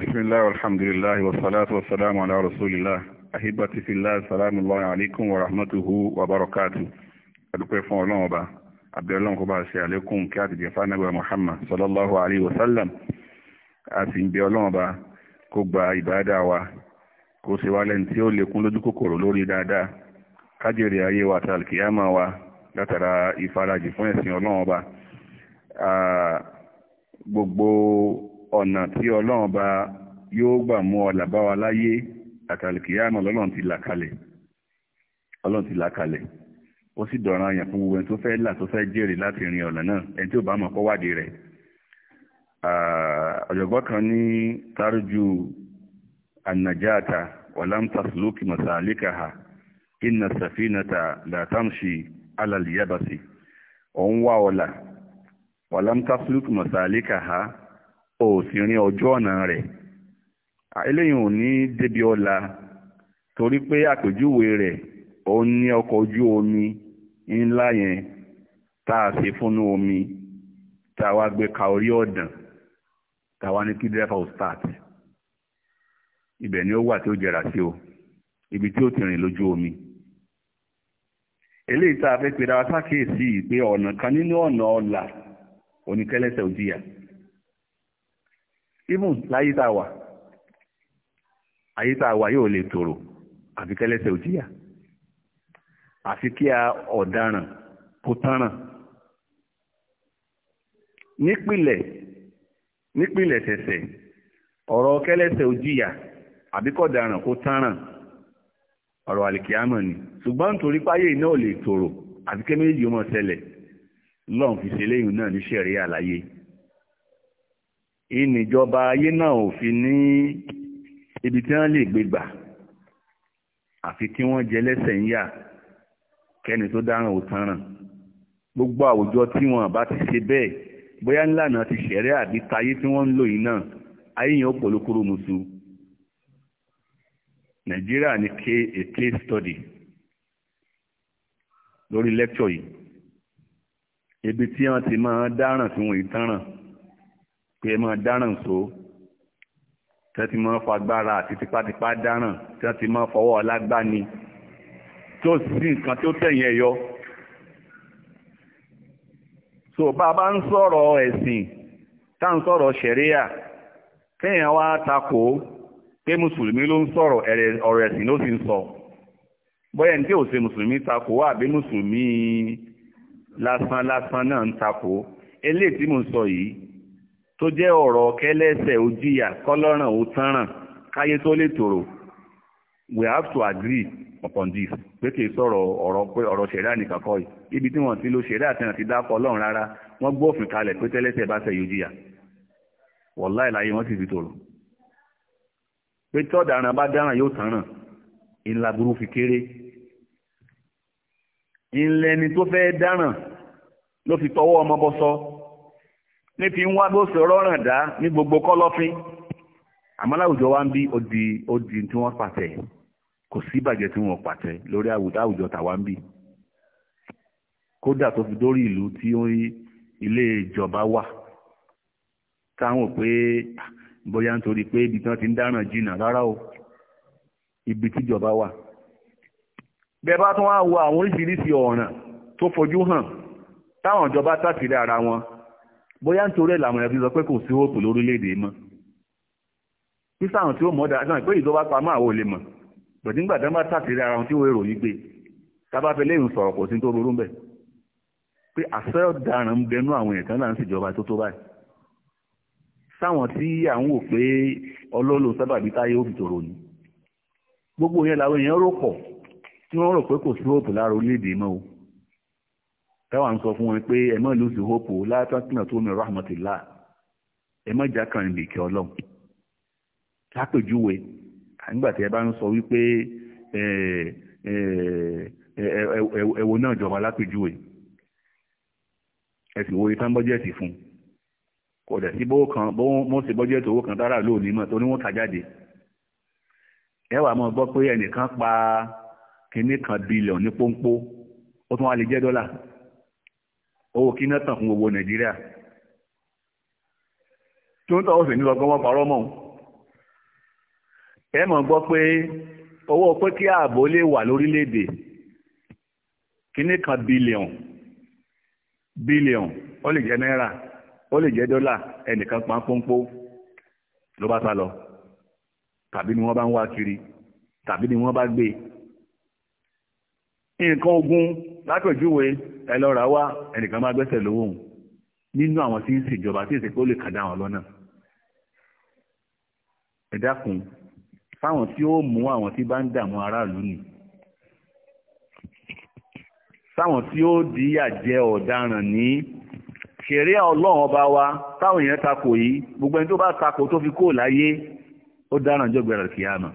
بسم الله والحمد لله والصلاة والسلام على رسول الله أحبتي في الله السلام الله عليكم ورحمته وبركاته أدوكي فون الله وبا عبد الله كبا سي عليكم كاتي جفانا محمد صلى الله عليه وسلم أسين بي الله وبا كبا عبادة و kó ṣe wá lẹ́ni tí ó lékún lójú kòkòrò lórí dáadáa kájèrè ayé wa àti alkiyama wa látara ìfarajì fún ẹ̀sìn ọlọ́run ọba gbogbo ọ̀nà tí ọlọ́run bá yóò gbà mú ọlà bá wa láyé àtàlùkìyàmọ̀ lọ́lọ́run ti là kalẹ̀ ọlọ́run ti là kalẹ̀ ó sì dọ̀ràn àyàn fún gbogbo ẹni tó fẹ́ là tó fẹ́ jèrè láti rin ọ̀nà náà ẹni tí ò bá mọ̀ kó wádìí rẹ̀ ọ̀jọ̀gbọ́n kan ní tárújú annajata wàlámtàsílókì masalikaha inna safinata la tamshi alal wá ọ̀la wàlámtàsílókì masalikaha o sì rin ọjọ́ ọ̀nà rẹ̀ eléyìí ò ní débi ọ̀la torí pé àpèjúwe rẹ̀ ó ní ọkọ̀ ojú omi ńlá yẹn tá a ṣe fúnnú omi tá a wá gbé ka orí ọ̀dàn tá a wá ní kí dẹ́fà ó start ibẹ̀ ni ó wà tí ó jẹrà sí o ibi tí ó ti rìn lójú omi eléyìí tá a fẹ́ pera sákèésí pé ọ̀nà kan nínú ọ̀nà ọ̀la oníkẹ́lẹ́sẹ̀ òjìyà even láyé tá a wà ayé le toro wà yóò lè tòrò àfi ò àfi kí a ọ̀daràn kó tánràn nípìlẹ̀ nípìlẹ̀ ṣẹ̀ṣẹ̀ ọ̀rọ̀ kẹlẹ́sẹ̀ ò jìyà àbí kọ̀daràn kó tánràn ọ̀rọ̀ àlìkíámọ̀ ni ṣùgbọ́n nítorí páyé náà lè tòrò àfi lọ́n fi ṣe léyìn ìníjọba ayé náà ò fi ní ibi tí wọ́n lè gbé gbà àfi kí wọ́n jẹ lẹ́sẹ̀ ń yà kẹ́ni tó dáràn ò tanràn gbogbo àwùjọ tí wọn bá ti ṣe bẹ́ẹ̀ bóyá ńlànà ti ṣẹ̀rẹ́ àbí tayé tí wọ́n ń lò yìí náà ayé yẹn ó pòlókúrò musu nàìjíríà ní ké a case study lórí lẹ́kṣọ̀ yìí ibi tí wọ́n ti máa dáràn tí wọ́n yìí tanràn pé ẹ dáràn so tí wọ́n ti máa fagbára àti tipátipá dáràn tí wọ́n ti máa fọwọ́ ọlágbáni tó sí nǹkan tó tẹ̀yìn ẹ̀yọ so bá a bá ń sọ̀rọ̀ ẹ̀sìn tá à ń sọ̀rọ̀ ṣẹ̀ríà kéèyàn wá takò pé mùsùlùmí ló ń sọ̀rọ̀ ọ̀rọ̀ ẹ̀sìn ló sì ń sọ bóyá ní tí ò ṣe mùsùlùmí takò àbí mùsùlùmí lásán lásán náà ń takò eléyìí tí mò ń sọ yìí tó jẹ́ ọ̀rọ̀ kẹlẹ́sẹ̀ ojìyà kọ́lọ́ràn ó tánràn káyé tó lè tòrò we have to agree upon this pé kì í sọ̀rọ̀ ọ̀rọ̀ pé ọ̀rọ̀ ṣẹ̀dá nìkan kọ́ yìí ibi tí wọ́n ti lo ṣẹ̀dá àti àti dákọ̀ ọlọ́run rárá wọ́n gbófin kalẹ̀ pé tẹ́lẹ́sẹ̀ bá ṣe yòjìyà wọ̀láì láyé wọ́n sì fi tòrò pé tí ọ̀daràn bá dáràn yóò tánràn ìlà burú fi kéré ìlẹ́ni tó fẹ́ dáràn ló fi tọwọ́ ọmọ bọ́ sọ́ ní fi ń wá bó sọ̀rọ̀ ràn dá ní gbogbo kọlọfin. àmọ́ láwùjọ wa ń bí odi odi tí wọ́n pàtẹ kò sí ìbàjẹ́ tí wọ́n pàtẹ lórí àwùjọ tàwa ń bí kódà tó fi dórí ìlú tí ilé ìjọba wà táwọn pé bóyá nítorí pé ibi tí wọ́n ti ń dáràn jìnnà rárá o ibi tíjọba wà bẹ́ẹ̀ bá tún wá wo àwọn oríṣiríṣi ọ̀ràn tó fojú hàn táwọn ìjọba tàkìrí ara wọn bóyá nítorí ẹ̀ làwọn ẹ̀fí sọ pé kò sí hóòpù lórílẹ̀‐èdè mọ́ sísá àwọn tí ó mọ̀ dáa náà pé ìjọba pamọ́ àwọn olè mọ̀ bẹ̀tí nígbà tán bá tàkiri ara wọn tí ó èrò yìí gbé tábà fẹ́ lẹ́yìn sọ̀rọ̀ kò sí tó burú bẹ̀ pé àṣẹ ọ̀daràn ń bẹnu àwọn náà ń tó tó báyìí sáwọn tí à wò pé ọlọ́lọ́ sábàbí táyé fi tòrò ni gbogbo yẹn làwọn èèyàn rò pọ̀ tí táwọn ń sọ fún wọn pé ẹ má lùsì hópò látàkùnà tó mi rahmatillah ẹ má jákàn ní ìkẹ́ ọlọ́run lápèjúwe nígbà tí ẹ bá ń sọ wípé ẹ̀wò náà jọba lápèjúwe ẹ sì wo ìtàn bọ́jẹ́ẹ̀tì fún kò dẹ̀ sí bówó kan bó ṣe bọ́jẹ́ẹ̀tì owó kan dára lónìí mọ̀ tó ní wọ́n ta jáde ẹ wá máa gbọ́ pé ẹnìkan pa kinní kan bílíọ̀nù pọ́npọ́ ó tún wá lè jẹ́ dọ́là owó kí náà tàn fún gbogbo nàìjíríà tí ó ń tọ́wọ́ sí ní ọgbọ́n wọn parọ́ mọ́ ẹ mọ̀ gbọ́ pé owó pé kí ààbò lè wà lórílẹ̀-èdè kíní kan bílíọ̀n bílíọ̀n ó lè jẹ́ náírà ó lè jẹ́ dọ́là ẹnìkan pa pọ́npọ́ ló bá sá lọ tàbí ni wọ́n bá ń wá kiri tàbí ni wọ́n bá gbé nǹkan ogun lápèjúwe ẹlọ́ra wá ẹnìkan bá gbẹ́sẹ̀ lówó òun nínú àwọn tí ń ṣèjọba tí ìsìnkú lè kàdá wọn lọ́nà ẹ dákun fáwọn tí ó mú àwọn tí bá ń dààmú aráàlú nì fáwọn tí ó díyà jẹ ọ̀daràn ní ṣeré ọlọ́run ọba wa táwọn èèyàn takò yìí gbogbo ẹni tó bá takò tó fi kó láyé ó dáràn jọ gbẹ̀rẹ̀ kìíyàmà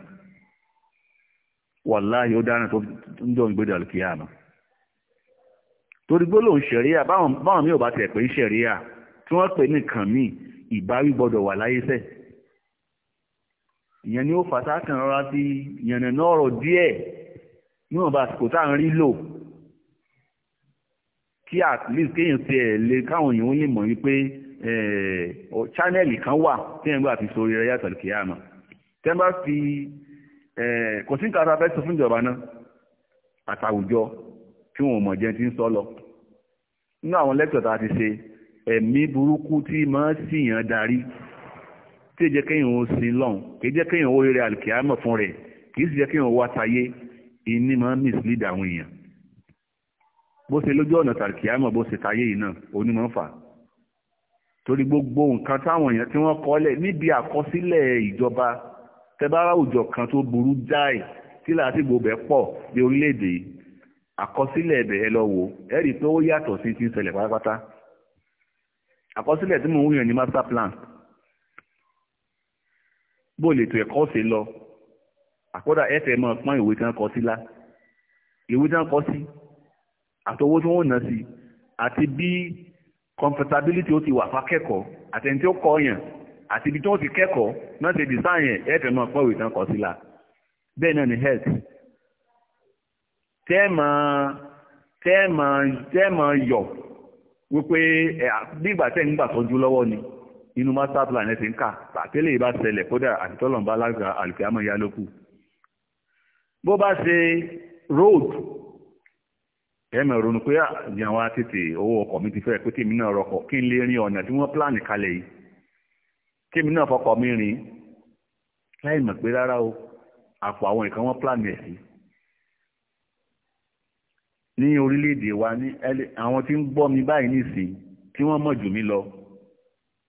wàláhì ó dáràn tó ń jọ gbẹ̀rẹ̀ kìíyàmà torí gbólóhùn ṣẹ̀ríà báwọn mi ò bá tẹ̀ pé ṣẹ̀ríà tí wọ́n pè nìkan míì ìbáwí gbọ́dọ̀ wà láyé sẹ́ ìyẹn ni ó fàtà kan rọra sí ìyẹn náà ọ̀rọ̀ díẹ̀ níwọ̀n bá àsìkò tá à ń rí lò kí at least kéèyàn ti ẹ̀ lè káwọn èèyàn ó lè mọ̀ wípé chánẹ́ẹ̀lì kan wà tí ẹ̀ ń gbà fi sórí rẹ̀ yàtọ̀ kìí àmọ́ tẹ́ bá fi kò sí nǹkan tá a fẹ́ sọ fún ìjọba náà àtàwùjọ kí wọn mọ̀ jẹ́ ti ń sọ lọ nínú àwọn lẹ́tọ̀ tá a ti ṣe ẹ̀mí burúkú tí máa síyàn darí tí jẹ́ kéèyàn ó sin lọ́hùn kì í jẹ́ kéèyàn ó rere àlùkìámọ̀ fún rẹ̀ kì í sì jẹ́ kéèyàn ó wá tayé ìní máa mislead àwọn èèyàn bó ṣe lójú ọ̀nà tàlùkìámọ̀ bó ṣe tayé yìí náà onímọ̀ fà torí gbogbo nǹkan táwọn èèyàn tí wọ́n kọ́lẹ̀ níbi àkọsílẹ̀ ìjọba tẹ́bárà òjò kan tó burú jáì tí làásìgbò bẹ́ẹ̀ pọ̀ bí orílẹ̀-èdè yìí àkọsílẹ̀ ẹ̀bẹ̀ ẹ lọ wò ẹ rí i pé ó yàtọ̀ sí ti ń ṣẹlẹ̀ pátápátá àkọsílẹ̀ tí mò ń yàn ní master plan bó lè tó ẹ̀kọ́ ṣe lọ àkọ́dà ẹ̀fẹ̀ mọ́ pọ́n ìwé tí wọ́n kọ sí lá ìwé tí wọ́n kọ sí àtọwó tí wọ́n ná sí àti bí comfortability ó ti wà fákẹ́kọ̀ọ́ àtẹni tí ó kọ yàn àti ibi tí wọ́n ti kẹ́kọ̀ọ́ náà ti dìsáyẹn ẹ̀fẹ̀ mọ́ pọ́n ìwé tí wọ́n kọ sí lá bẹ́ẹ̀ náà ni health tẹ́ẹ̀mọ̀ tẹ́ẹ̀mọ̀ tẹ́ẹ̀mọ̀ yọ̀ wípé bí ìgbà tẹ́ ń gbà tọ́jú lọ́wọ́ ni inú master plan ẹ̀ ti ń kà àtẹ́lẹ̀ ìbá ṣẹlẹ̀ kódà àti tọ́lọ̀mbá lágbà àlùkìámọ̀ ya lókù bó bá ṣe road ẹ̀mọ̀ ronú pé àjẹun wa tètè owó ọkọ̀ mi ti fẹ́ pé tèmi náà rọkọ̀ kí n lè rin ọ̀nà tí wọ́n plan kalẹ̀ yìí tèmi náà fọkọ̀ mi rìn láì mọ̀ pé rárá o àpò àwọn nǹkan wọ́n plan ẹ̀ sí ní orílẹ̀-èdè wa ní àwọn tí ń gbọ́ mi báyìí nìsín tí wọ́n mọ̀ jù mí lọ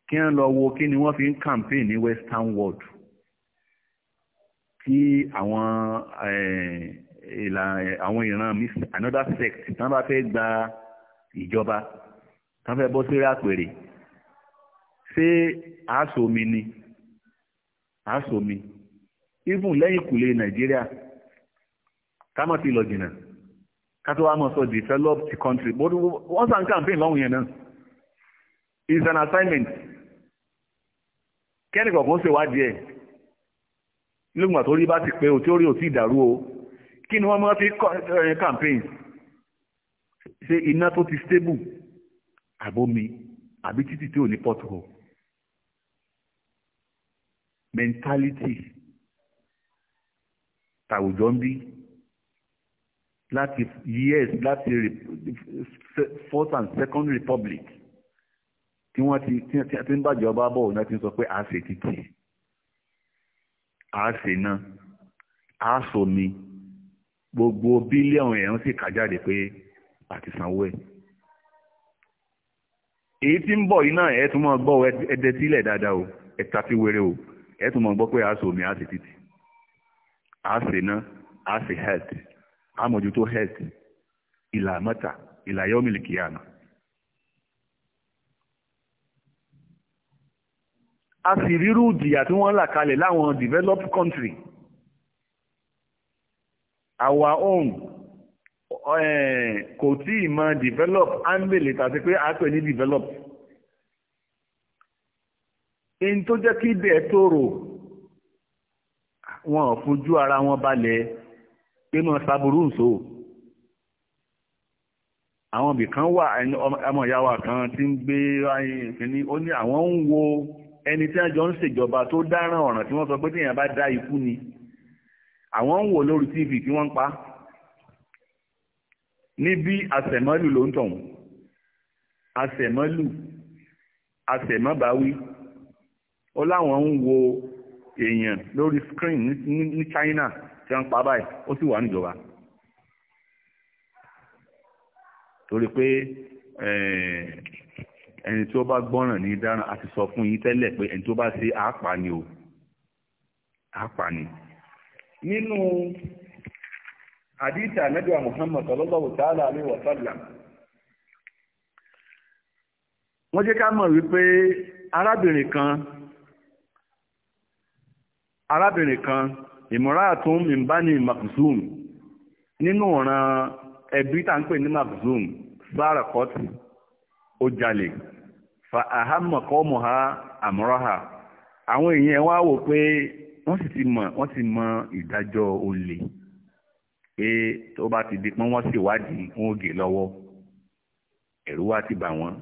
kí wọ́n lọ wo kí ni wọ́n fi ń campaign ní western world kí àwọn ìlànà àwọn ìran another sect tí wọ́n bá fẹ́ gba ìjọba tí wọ́n fẹ́ bọ́ sí àpèrè ṣé àásomi ni àásomi even lẹ́yìn kùlé nàìjíríà ká má ti lọ jìnnà Kato wá mọ̀ develop the country but wọ́n sàn campaign long yẹn náà is an assignment kẹ́ni kọ̀ọ̀kan ṣe wádìí ẹ̀ lóògùn àtórí bá ti pé o tí ó rí o tí ìdàrú o kí ni wọ́n mọ́ fi campaign ṣe iná tó ti stable àbómi àbí títì tí ò ní pothole mentality tàwùjọ ń bí láti years láti first and second republic tí wọ́n ti ti ń bàjọba bọ̀ náà ti sọ pé a títì a náà a mi gbogbo bílíọ̀nù ẹ̀rún sì kà jáde pé àti sanwó ẹ̀ èyí tí ń bọ̀ yìí náà ẹ̀ tún mọ̀ gbọ́ ẹ̀dẹ̀ sílẹ̀ dáadáa o ẹ̀ta ti wéré o ẹ̀ tún mọ̀ gbọ́ pé a mi a ṣe títì a ṣe náà a health àmójútó health ìlà mọ́ta ìlà yọ́mìlì kìíyàmà. a sì rírú ìjìyà tí wọ́n là kalẹ̀ láwọn developed country our own eh, kò tí ì mọ develop ambele tàbí pé a pè ní develop. in tó jẹ́ kí ibẹ̀ tòrò wọn ò fojú ara wọn balẹ̀ pé mọ́ saburú nso àwọn ibì kan wà ọmọ ìyá wa kan tí ń gbé kíní ó ní àwọn ń wo ẹni tí wọ́n jọ ń ṣèjọba tó dáràn ọ̀ràn tí wọ́n sọ pé téèyàn bá dá ikú ni àwọn ń wò lórí tv tí wọ́n ń pa níbi àsẹ̀mọ́lù ló ń tọ̀hún àsẹ̀mọ́lù àsẹ̀mọ́báwí ó láwọn ń wo èèyàn lórí screen ní China tí wọ́n ń pa báyìí ó sì wà níjọba torí pé eh, ẹni tí ó bá gbọ́ràn ní dáràn a ti sọ fún yín tẹ́lẹ̀ pé ẹni tó bá ṣe àápà ni o àápà ni nínú àdíta nẹ́bíwà Muhammad sallallahu ta'ala alaihi wa sallam wọ́n jẹ́ ká mọ̀ wípé arábìnrin kan arábìnrin kan ìmúratún mìbáni makzum nínú ọ̀ràn ẹbí tá ń pè ní makzum barakot ó jalè fa ahamakọ́ mọ̀ha ha àwọn èèyàn wá wò pé wọ́n sì ti mọ̀ wọ́n ti mọ ìdájọ́ olè pé tó bá ti di pọ́n wọ́n sì wádìí wọn ò gè lọ́wọ́ ẹ̀rú wá ti bà wọ́n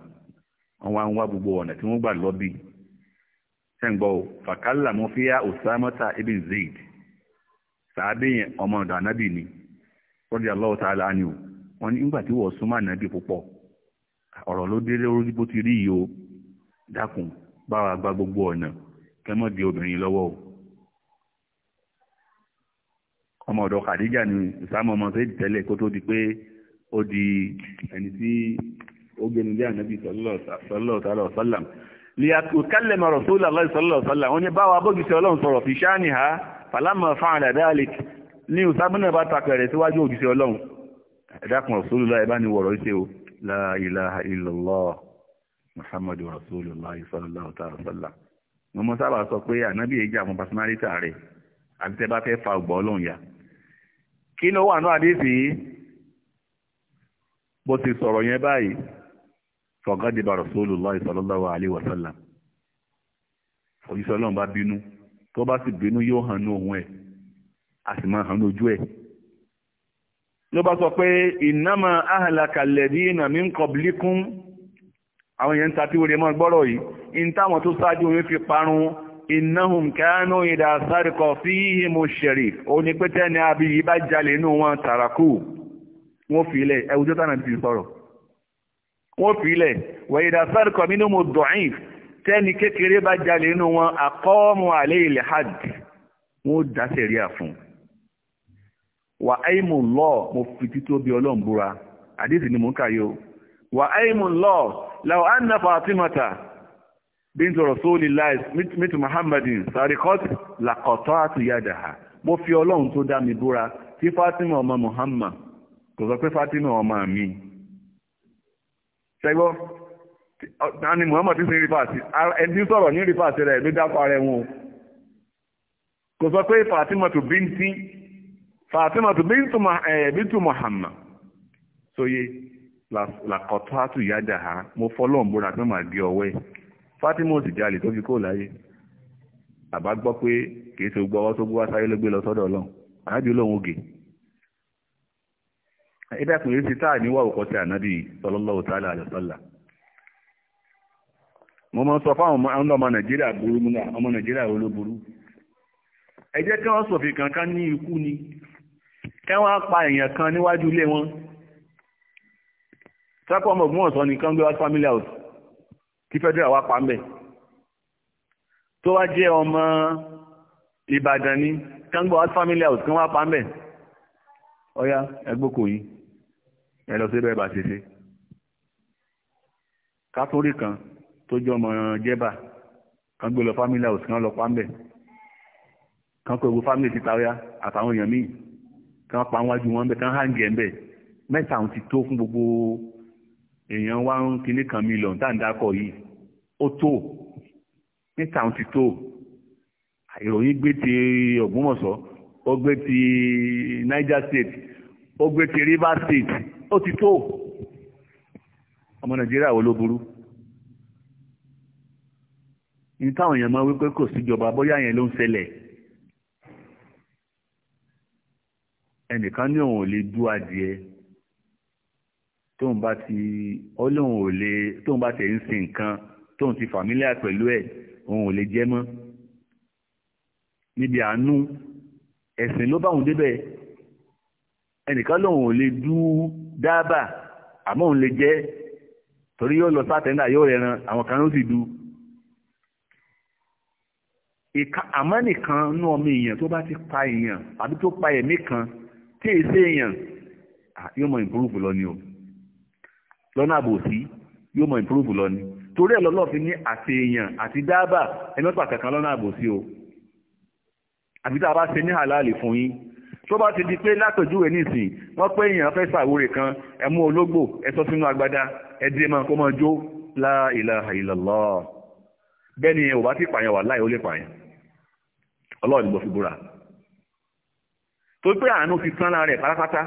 wọ́n wá ń wá gbogbo ọ̀nà tí wọ́n gbà lọ́bì sẹ́ǹgbọ́ fàkálà mọ́fíà òsámọ́ta ibn zayd saa yẹn ọmọ ọ̀dọ̀ anabini ni rọ́dí aláwọ̀ tá a ni o wọ́n ní nígbà tí wọ́n súnmọ́ ànábì púpọ̀ ọ̀rọ̀ ló ti rí yìí o dákun gba gbogbo ọ̀nà di obìnrin lọ́wọ́ o ọmọ ọ̀dọ̀ Khadija ni ìsámọ́ ọmọ sẹ́ẹ̀dì tẹ́lẹ̀ kó tó di pé ó di ẹni tí ó gbẹnu ànábì sọlọ́ọ̀tàlọ́ kálẹ̀ mọ̀rọ̀ sólà ha fàlámà fáàlà dáàlìkì ní ìsábúnà bá takẹ̀rẹ̀ síwájú òjíṣẹ́ ọlọ́run ẹ̀dàkùn rasulullah ẹ̀bá ni wọ̀rọ̀ ṣe o la ilaha illallah muhammadu rasulullah sallallahu ta'ala sallam mo mọ́ sábà sọ pé ànábì èjì àwọn personality rẹ̀ àti tẹ́ bá fẹ́ fa ọgbà ọlọ́run ya kí ló wà náà àdéhìí bó ti sọ̀rọ̀ yẹn tó bá sì bínú yóò hàn ní òun ẹ̀ a sì máa hàn ní ojú ẹ̀ ló bá sọ pé ìnáma ahàlàkàlẹ̀dí ìnà mi ń kọ̀bílíkún àwọn èèyàn ta tí wèrè mọ́ gbọ́rọ̀ yìí in táwọn tó sáájú orin fi parun ìnáhùn kánú ìdá sárikọ̀ sí ìhìmọ̀ ṣẹ̀rì ó ní pé tẹ́ni àbí yìí bá jalè inú wọn tàràkù wọ́n fi ilẹ̀ ẹwùjọ́ tánà ti sọ̀rọ̀ wọ́n fi ilẹ̀ wẹ̀yìdá sárikọ̀ mínú mo dọ̀ín tẹ́ni kékeré bá jalè inú wọn àkọ́ọ̀mù àlẹ́ ilẹ̀ hajj wọn ó dá sẹ̀ríà fún wà áìmù lọ mo fi tító bí ọlọ́run búra àdéhùn ni mò ń kàyó wà áìmù lọ làwọn anna fatimata bíntu rasulillahi mitu muhammadin sarikot lakọtọ àtúnyàdàá mo fi ọlọ́run tó dá mi búra tí fatima ọmọ muhammad kò sọ pé fatima ọmọ mi ṣẹgbọ́n dani muhammad ti sin rifasi ẹni sọ̀rọ̀ ní rifasi rẹ̀ ló dákọ̀ ara ẹ̀wọ̀n kò sọ pé fatimatu binti fatimatu bintu muhammad sóye làkọ̀tọ́ àtú ìyájà ha mo fọ́lọ́ ọ̀bọ̀nà tí wọ́n máa di fatima òsì jalè tó fi kó láyé àbá gbọ́ pé kìí ṣe gbọ́ gbọ́ sáyé ló gbé mo máa ń sọ fáwọn ọmọ nàìjíríà burú mú náà ọmọ nàìjíríà olóburú ẹ jẹ́ kí wọ́n sòfin kankan ní ikú ni kí wọ́n pa èèyàn kan níwájú ilé wọn sápọ̀ ọmọ ògbómọ̀sọ ní congress family house kí federal wá pa ń bẹ̀ tó wá jẹ́ ọmọ ìbàdàn ní congress family house kan wá pa ń ọ̀yá ẹgbókò yín ẹ lọ sí bẹ́ẹ̀ bá ṣe kan tó jọ ọmọ jẹ́bà kan gbé lọ family house kan lọ pa ń kan kó ewu family ti taria àtàwọn èèyàn míì kan pa wájú wọn bẹ̀ kan hàǹgẹ̀ ń bẹ̀ mẹ́ta àwọn ti tó fún gbogbo èèyàn wá ń kíní kan mílíọ̀nù tá à ń dákọ̀ yìí ó tó mẹ́ta àwọn ti tó ìròyìn gbé ti Ògbómọ̀ṣọ́ ó gbé ti Niger State ó gbé ti Rivers State ó ti tó ọmọ Nàìjíríà wo ló burú ní táwọn èèyàn máa wípé kò síjọba bóyá yẹn ló ń ṣẹlẹ̀ ẹnìkan ní òun ò lè dú adìẹ tóun bá ti ọlọ́run ò lè tóun bá tẹ̀ ń sin nǹkan tóun ti fàmílíà pẹ̀lú ẹ̀ òun ò lè jẹ́ mọ́ níbi àánú ẹ̀sìn ló bá òun débẹ̀ ẹnìkan lòun ò lè dú dábà àmọ́ òun lè jẹ́ torí yóò lọ sátẹ́ńdà yóò rẹran àwọn kan ló sì dú àmọ́ nìkan nú ọmọ èèyàn tó bá ti pa èèyàn àbí tó pa ẹ̀mí kan tí èyí sí èèyàn yóò mọ ìpúrúfù lọ ni o lọ́nà àbòsí yóò mọ ìpúrúfù lọ ni torí ẹ̀ lọ́lọ́ fi ní àti èèyàn àti dáàbà ẹ̀mẹ́pà kankan lọ́nà àbòsí o àbí tá a bá ṣe ní àlàálì fún yín tó bá ti di pé látọ̀júwe nísìn wọ́n pé èèyàn fẹ́ ṣàwúre kan ẹ ológbò ẹ sínú agbada ẹ dé mọ́ la ilaha illallah bẹ́ẹ̀ ni ò bá ti pààyàn wà láì ó lè pààyàn ọlọ́run ni mo fi búra torí pé àánú ti tán lára rẹ̀ pátápátá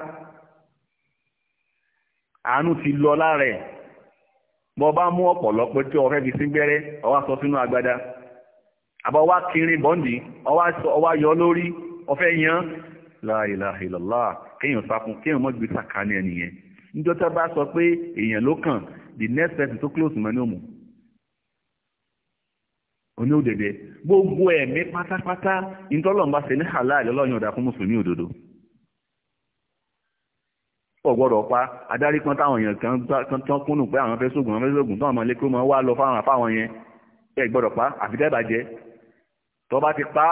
àánú ti lọ lára rẹ̀ bọ́ bá mú ọ̀pọ̀lọpọ̀ tí ọ̀rẹ́ fi sí gbẹ́rẹ́ ọwá sọ sínú agbada àbá wá kiri bọ́ǹdì ọwá yọ lórí ọfẹ́ yan la ilaha illallah kéèyàn sákun kéèyàn mọ́ gbé sàkánì ẹnìyẹn níjọ́ tá bá sọ pé èèyàn ló kàn the close mọ́ oní òdèdè gbogbo ẹ̀mí pátápátá ìtọ́lọ́mbà ṣe ní halal ọlọ́yìn ọ̀dà fún mùsùlùmí òdodo ọ̀gbọ́dọ̀ pa adarí kan táwọn èèyàn kan tán kúnnù pé àwọn fẹ́ sógun àwọn fẹ́ sógun táwọn ọmọlé kó mọ wá lọ fáwọn àfáwọn yẹn ẹ gbọ́dọ̀ pa àfi tẹ́ bàjẹ́ tó bá ti pa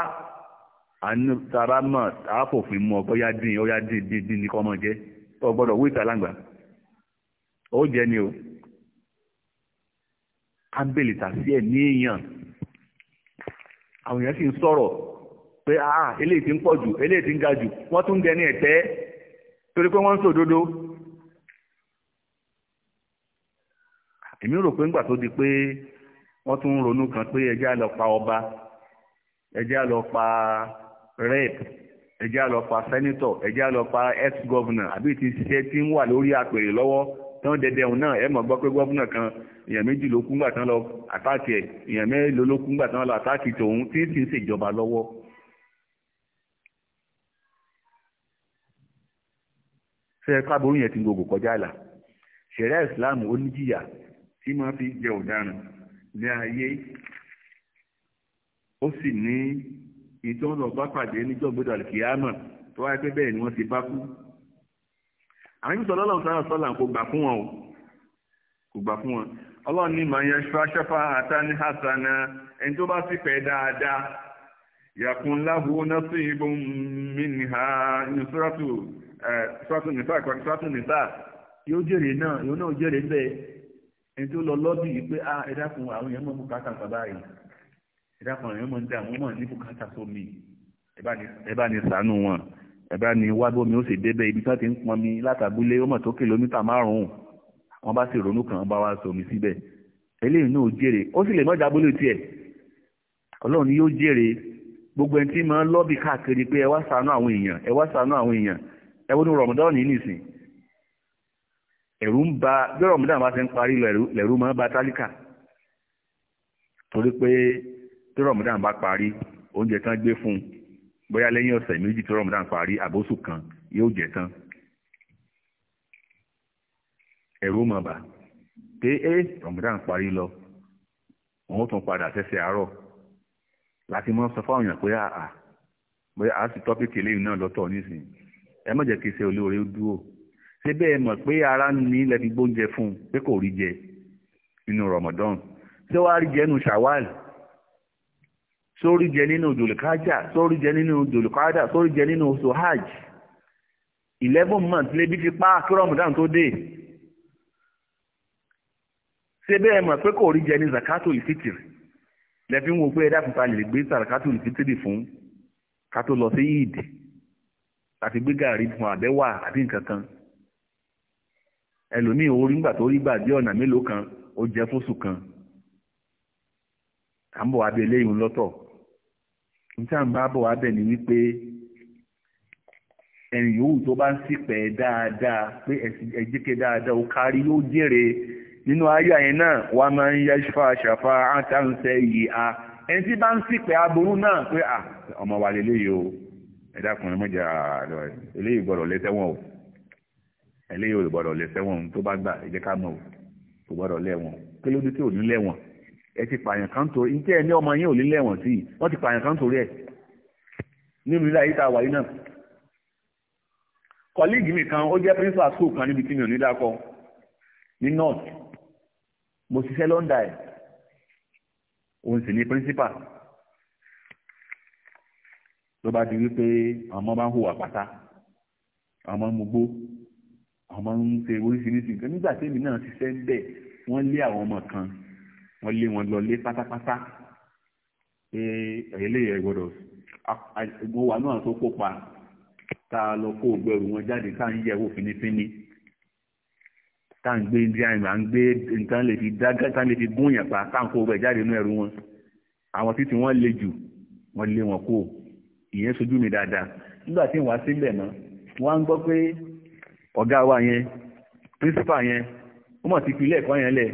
àánú tara mọ̀ àáfòfin mọ̀ bóyá dín ọyá dín dín dín ní kọ́mọ jẹ́ ọ̀gbọ́dọ̀ wí ìtàlágbà ó jẹ́ ni o kábèlì tàbí ẹ̀ ní èèyàn àwọn èèyàn sì ń sọ̀rọ̀ pé ah, ah eléyìí ti ń pọ̀ jù eléyìí ti ń ga jù wọ́n tún ń ní ẹ̀tẹ́ torí pé wọ́n ń sòdodo èmi rò pé ńgbà tó di pé wọ́n tún ń ronú kan pé ẹjẹ́ á lọ pa ọba ẹjẹ́ á lọ pa rep ẹjẹ́ á lọ pa senator ẹjẹ́ á lọ pa ex-governor àbí ti ṣiṣẹ́ tí ń wà lórí àpèrè lọ́wọ́ tán dẹdẹ òun náà ẹ mọ̀ gbọ́ pé gọ́fúnà kan èèyàn méjì ló kúngbà tán lọ àtàkì ẹ̀ èèyàn mẹ́rin ló kúngbà tán lọ àtàkì tòun tí sì ń ṣèjọba lọ́wọ́. ṣe káàbọ̀rún yẹn ti gbogbo kọjá àlà ṣẹ̀rẹ́ ìsìláàmù oníjìyà tí máa fi jẹ ọ̀daràn ní ayé ó sì ní ìtọ́nà bá pàdé níjọ́ gbọ́dọ̀ àlùkìyámà tó wáyé pé bẹ́ẹ̀ ni wọ́n ti bá kú àmì sọ lọ́lọ́ sọ́lá sọ́lá kò gbà fún wọn o kò gbà fún wọn ọlọ́run ní màá yẹn ṣọ́ṣọ́fà àtàní hasana ẹni tó bá sì pẹ́ dáadáa yàkùn láhùú nọ́ọ̀sì ibò mìnìhà nìṣọ́tù ṣọ́tù nìṣà ṣọ́tù nìṣà yóò jèrè náà yóò náà jèrè bẹ́ẹ̀ ẹni tó lọ lọ́bì yìí pé a ah, ẹ dákun àwọn èèyàn mọ̀ bùkátà bàbá yìí ẹ dákun àwọn èèyàn mọ̀ ní bùkátà sómi ẹ ẹ̀bá ni wá bómi ó sì débẹ̀ ibi tá ti ń pọnmi látàbúlé ó mọ̀ tó kìlómítà márùn-ún wọ́n bá sì ronú kan bá wá sọmi síbẹ̀ eléyìí náà ó jèrè ó sì lè mọ́jà bólú tiẹ̀ ọlọ́run yóò jèrè gbogbo ẹni tí máa lọ́bì káàkiri pé ẹ wá ṣàánú àwọn èèyàn ẹ wá ṣàánú àwọn èèyàn ẹ wọ́n ní rọ̀mọdọ́ọ̀nì nìsín ẹ̀rù ń ba bí rọ̀mọdọ́ọ̀nì bá ti ń parí lẹ̀rù máa ba tálíkà torí pé tí rọ̀mọdọ́ọ̀nì bá parí oúnjẹ tán gbé fún un bóyá lẹ́yìn ọ̀sẹ̀ méjì tó rọ̀mọ́dán parí àbóṣù kan yóò jẹ́ tán ẹ̀rú mọ̀ bà pé ẹ́ rọ̀mọ́dán parí lọ òun tún padà sẹ́sẹ̀ àárọ̀ láti mọ́ sọ fáwọn èèyàn pé àà bóyá àá sì tọ́pìkì eléyìí náà lọ́tọ̀ nísìnyí ẹ má jẹ́ kí iṣẹ́ olóore dúró ṣé bẹ́ẹ̀ mọ̀ pé ara ní lẹ́fi gbóúnjẹ fún un pé kò rí jẹ nínú rọ̀mọ́dán ṣé wàá rí jẹ nínú ṣàwáàlì sórí jẹ nínú jòlùkájà sórí jẹ nínú jòlùkájà sórí jẹ nínú oṣù hajj eleven months lébi fi pa kírọ̀mù tó dé ṣé bẹ́ẹ̀ mọ̀ pé kò rí jẹ ní zakato ìfitiri lẹ́fi ń pé ẹ̀dá fúnpa lè gbé zakato ìfitiri fún ká lọ sí yìí àti gbé gàrí fún àbẹ́wà àti nkankan kan ẹlòmíì orí ńgbà tó kan ó jẹ fóṣù kan níta ń bá bọ̀ wá bẹ̀ ni wípé ẹ̀yìn yòówù tó bá ń ṣìpẹ̀ dáadáa pé ẹ̀jíkẹ́ dáadáa ó kárí yóò jèrè nínú àyà yẹn náà wàá máa ń yẹ́ṣfà ṣàfà àtàǹsẹ̀ yìí a ẹni tí bá ń ṣìpẹ̀ aburú náà pé à ọmọ wa lélẹ́yìí o ẹ̀dá kan mọ̀jà eléyìí gbọ́dọ̀ lẹ́sẹ̀wọ̀n o eléyìí gbọ́dọ̀ lẹ́sẹ̀wọ̀n tó bá gbà ẹ̀jẹ̀ ká mọ̀ o kò gbọ́dọ̀ lẹ́wọ̀n kí ló dé tí ò ní lẹ́wọ̀n ẹ ti pààyàn kan torí ní tẹ́ ọmọ yín ò lè lẹ́wọ̀n sí wọ́n ti pààyàn kan torí ẹ̀ nínú ilé ayé tá náà kọ́líìgì mi kan ó jẹ́ principal school kan níbi tí mi ò ní dákọ ní north mo ṣiṣẹ́ lọ́ndà ẹ̀ òun sì ní principal ló bá di wípé ọmọ bá ń hùwà pátá ọmọ ń mugbó ọmọ ń ṣe oríṣiríṣi nǹkan nígbà tí èmi náà ṣiṣẹ́ ń bẹ̀ wọ́n lé àwọn ọmọ kan wọ́n lé wọn lọ lé pátápátá pé ẹ̀yẹ́lẹ́yẹ gbọ́dọ̀ mo wà náà tó kópa tá a lọ kó gbẹrù wọn jáde tá à ń yẹ̀wò fínífíní tá à ń gbé ndí àìmọ̀ à ń gbé nǹkan lè fi dágá tá à ń lè fi gún yàn pa tá à ń kó gbẹ jáde nínú ẹrù wọn àwọn títí wọn le jù wọn lé wọn kó ìyẹn sojú mi dáadáa nígbà tí wàá sílẹ̀ mọ́ wọ́n gbọ́ pé ọ̀gá wa yẹn pírísípà yẹn ó mọ̀ ti fi ẹ̀kọ́ yẹn lẹ̀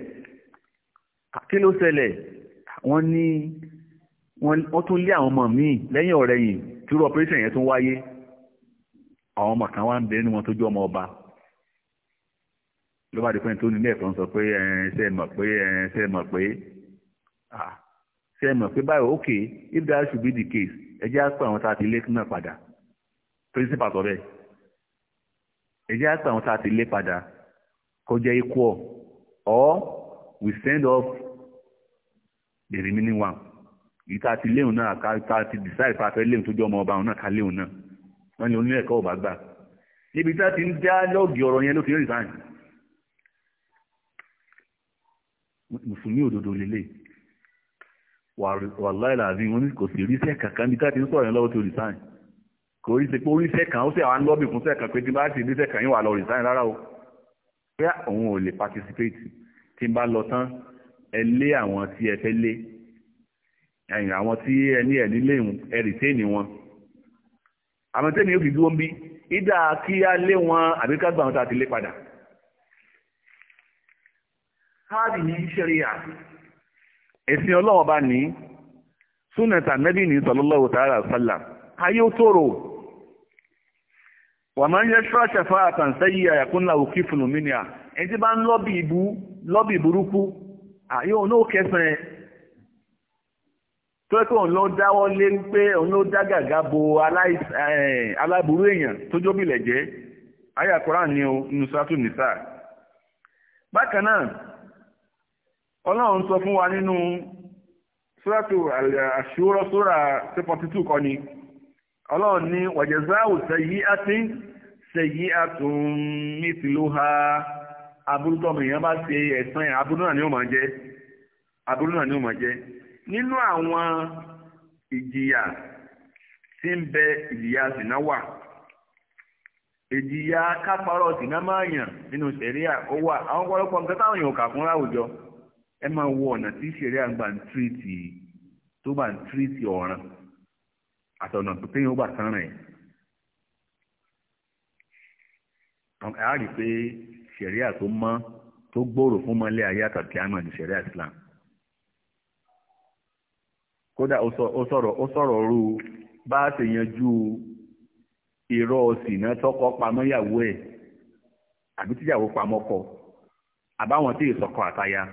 kí ló ṣẹlẹ̀ wọ́n ní wọ́n tún lé àwọn ọmọ míì lẹ́yìn ọ̀rẹ́ yìí tírú operation yẹn tún wáyé àwọn ọmọ kan wá ń bẹ nínú wọn tó jẹ́ ọmọ ọba ló bá di pé tó nílé ẹ̀kọ́ ń sọ pé ṣe mọ̀ pé ṣe mọ̀ pé ṣe mọ̀ pé báyìí ok if that should be the case ẹ jẹ́ àpò àwọn tá a ti lé náà padà principal sọ bẹ́ẹ̀ ẹ jẹ́ àpò àwọn tá a ti lé padà kó jẹ́ equal or we send off the remaining one yìí tá a ti léhùn náà tá a ti decide pa fẹ́ léhùn tó jẹ́ ọmọ ọba òun náà ká léhùn náà wọ́n ní onílé ẹ̀kọ́ ọba gbà níbi tá a ti ń dá lọ́ọ̀gì ọ̀rọ̀ yẹn ló fi ń resign mùsùlùmí òdodo lélẹ̀ wàláì làbí wọn kò sì ríṣẹ́ kankan níbi ti ń sọ̀rọ̀ yẹn lọ́wọ́ tó resign kò rí ṣe pé oríṣẹ́ kan ó sì àwọn lọ́ọ̀bì fún ṣẹ́ kan pé tí bá ti ríṣẹ́ kan yín wà lọ resign rárá o pé òun ò lè participate tí n bá lọ tán ẹ lé àwọn tí ẹ fẹ́ lé ẹ̀yìn àwọn tí ẹ ní ẹ̀dí léhùn ẹ rìtẹ́ẹ̀nì wọn àwọn tẹ́ni yóò fi dúró ń bí ìdá kí á lé wọn àbí ká gbà wọn tá a ti lé padà. káàdì ní ṣẹ́ríà ẹ̀sìn ọlọ́wọ́ bá ní súnẹ̀tà nẹ́bí ní sallallahu ta'ala sallam ayé ó tòrò wàmọ́ yẹ́ ṣọ́ṣẹ̀fà àtànṣẹ́yìí àyàkúnlá òkè fúnlùmínìà ẹni tí bá ń lọ́bì ìbú lọ́bì burúkú àyè òun náà kẹsàn ẹ̀ tó pé òun ló dáwọ́ lé pé òun ló dá gàgà bo aláburú èèyàn tó jóbìlẹ̀ jẹ́ ayé àkùrá ni o nùsàtù nìsà bákan náà ọlọ́run sọ fún wa nínú sóràtù àṣúrọ́ sóra 42 kọ́ ni ọlọ́run ní wàjẹ̀záwò sẹ́yí àti sẹ́yí àtún mítìlú ha. aburú tọmọ èèyàn bá ṣe ẹ̀sán yẹn aburú ni ó máa jẹ́ aburú ni ó máa jẹ́ nínú àwọn ìjìyà tí ń bẹ ìjìyà sìnà wà ìjìyà kápárọ̀ sìnà máa yàn nínú sẹ̀ríà ó wà àwọn ọ̀pọ̀lọpọ̀ nǹkan táwọn èèyàn kà fún láwùjọ ẹ máa wo ọ̀nà tí sẹ̀ríà ń gbà ń tírìtì tó bá ń tírìtì ọ̀ràn tó téèyàn ó ṣẹ̀ríà tó mọ́ tó gbòòrò fún mọ́lẹ́ ayé àtàkì àmọ́ ní Islam kódà ó sọ̀rọ̀ ó bá a ṣe yanjú irọ́ ọ̀sìnà tọkọ pamọ́ ìyàwó ẹ̀ àbí tíyàwó pamọ́ kọ àbáwọn tí ìsọkọ àtaya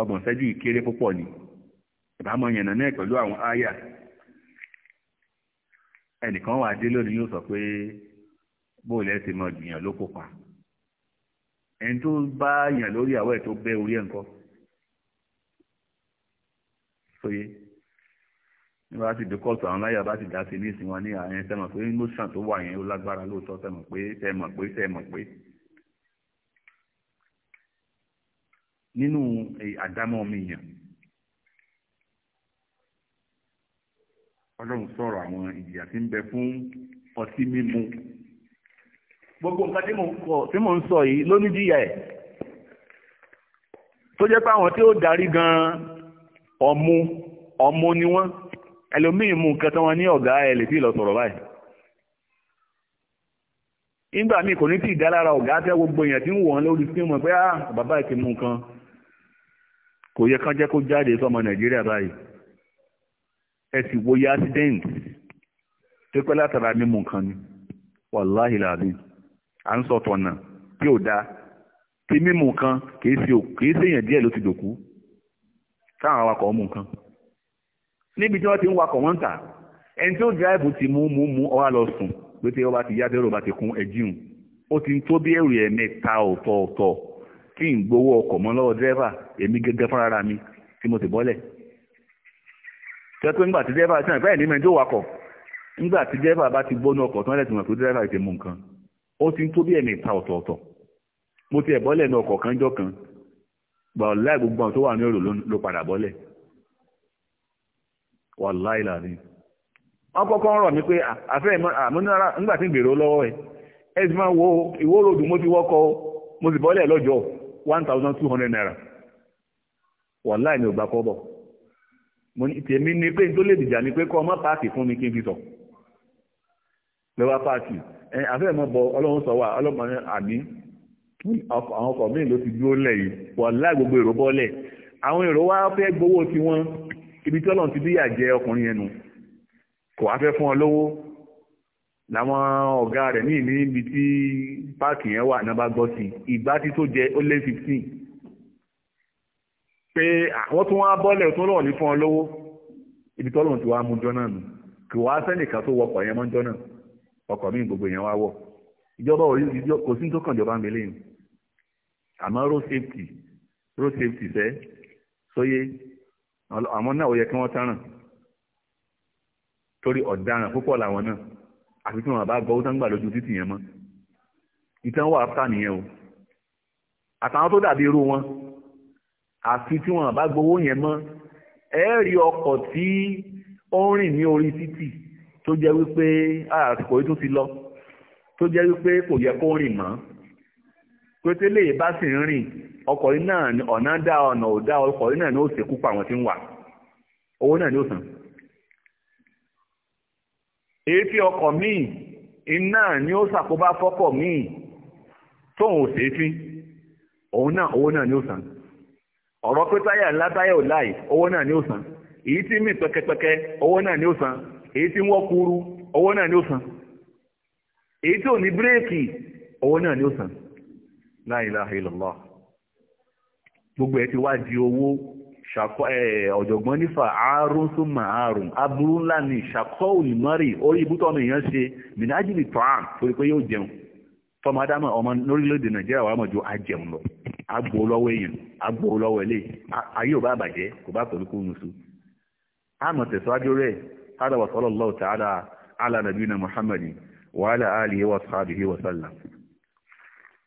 ọgbọ̀n ìkéré púpọ̀ ni náà pẹ̀lú àwọn bóòlù ẹ̀ sì máa jùyàn ló kópa ẹni tó bá yàn lórí àwọ̀ ẹ̀ tó bẹ́ orí ẹ̀ ńkọ́ sóye nígbà tí dókòtò àwọn láyà bá ti dá sí ní ìsìn wọn ní àyẹn tẹmọ pé motion tó wà yẹn ó lágbára lóòótọ́ tẹmọ pé tẹmọ pé tẹmọ pé nínú àdámọ́ mi yàn ọlọ́run sọ̀rọ̀ àwọn ìjìyà tí ń bẹ fún ọtí mímu gbogbo nǹkan tí mò ń kọ tí mò ń sọ yìí ló ní díyà ẹ̀ tó jẹ́ pé àwọn tí ó darí gan-an ọ̀mú ọ̀mú ni wọ́n ẹlòmíì mú nǹkan tí wọ́n ní ọ̀gá ẹ̀ lè tí ì lọ sọ̀rọ̀ báyìí nígbà míì kò ní tí ì dá lára ọ̀gá tẹ́ gbogbo èèyàn tí ń wọ̀n lórí fíìmù pé á ah, bàbá ẹ̀ ti mú nǹkan kò yẹ kán jẹ́ kó jáde sọmọ nàìjíríà báyìí ẹ sì wòye accident tó pẹ́ látara mímú nǹkan ni wàláhìláàbí à ń sọ tọ̀nà tí ò dáa tí mímu kan kì í ṣe kì í ṣèyàn díẹ̀ ló ti dòkú táwọn awakọ̀ mú nǹkan níbi tí wọ́n ti ń wakọ̀ wọ́n ń tà ẹni tí ó dráìbù ti mú mú mú ọwá lọ sùn pé tí ọba ti yá dẹ́rọ bá ti kún ẹjíun ó ti ń tó bí ẹrù ẹ̀mẹ́ta ọ̀tọ̀ọ̀tọ̀ kí n gbowó ọkọ̀ mọ́ lọ́wọ́ dírẹ́fà èmi gẹ́gẹ́ fúnra mi tí mo ti bọ́lẹ̀ tẹ́ pé nígbà tí dírẹ́fà ti rìn fẹ́ẹ̀ ní mẹ́rin tó wakọ̀ nígbà tí dírẹ́fà bá ti gbónú ọkọ̀ tán lẹ́sìn pé dírẹ́fà ti mú nǹkan ó ti ń tó bí ẹ̀mẹ̀ta ọ̀tọ̀ọ̀tọ̀ mo ti ẹ̀bọ́lẹ̀ ní ọkọ̀ kan jọ kan gbà láì gbogbo àwọn tó wà ní ló padà bọ́lẹ̀ wà láì láàrin wọ́n rọ̀ mí pé àfẹ́ àmúnára nígbà tí ń gbèrò lọ́wọ́ ẹ̀ ẹ ti máa wo mo ti mo sì bọ́lẹ̀ lọ́jọ́ one thousand two hundred naira wà láì ní n ni pé mi kí n fi lẹ́wà pàtì ẹ àfẹ́mọ́ bọ ọlọ́run sọ wà ọlọ́mọrin àmì àwọn ọkọ̀ míì ló ti dúró lẹ̀ yìí wà láì gbogbo èrò bọ́lẹ̀ àwọn èrò wá fẹ́ gbowó tiwọn ibi tí ọlọ́run ti díyà jẹ ọkùnrin yẹn nu kò wá fẹ́ fún ọ lówó làwọn ọ̀gá rẹ̀ ní ìní ibi tí páàkì yẹn wà náà bá gbọ́ sí ìgbà tí tó jẹ ó lé fifteen pé àwọn tó wá bọ́lẹ̀ tó lọ́wọ́ ní fún ọ lówó ibi tọ́lọ́run ti wá mú jọ náà nù kò wá sẹ́nìkan tó wọkọ̀ yẹn mọ́ jọ náà ọkọ̀ míì gbogbo èèyàn wá wọ̀ ìjọba kò sí tó kàn jọba ń belé àmọ́ road safety road safety fẹ́ sóyé àwọn náà ó yẹ kí wọ́n táràn torí ọ̀daràn púpọ̀ làwọn náà àfi tí wọn bá gbọ́ tán gbà lójú títì yẹn mọ́ ìtàn wà áfà nìyẹn o àtàwọn tó dàbí irú wọn àfi tí wọn bá gbowó yẹn mọ́ ẹ rí ọkọ̀ tí ó ń rìn ní orí títì tó jẹ́ wípé ah, àsìkò yìí tún ti lọ tó jẹ́ wípé kò yẹ kó rìn mọ́ pété lè bá sì ń rìn ọkọ̀ yìí náà ọ̀nà dá ọ̀nà ò dá ọkọ̀ yìí náà ni ó sì kú pa àwọn tí ń wà owó náà ni ó sàn èyí tí ọkọ̀ míì iná ni ó ṣàkóbá fọ́kọ̀ míì tóun ò sì fi òun náà owó náà ni ó ọ̀rọ̀ pé táyà ńlá táyà ò láì owó náà ni ó èyí tí mì owó náà ni ó èyí tí wọ́n kúrú owó náà ni ó san èyí tí ò ní bírèkì owó náà ni ó san la ilaha gbogbo ẹ̀ ti owó ọ̀jọ̀gbọ́n nífà àárún tó mà àárùn ńlá ni ṣàkọ́ òlùmọ́rì orí ibú ọmọ lórílẹ̀‐èdè nàìjíríà wà lọ agbó lọ́wọ́ èèyàn agbó lọ́wọ́ ilé ayé ò bá bàjẹ́ kò bá هذا وصلى الله تعالى على نبينا محمد وعلى آله وأصحابه وسلم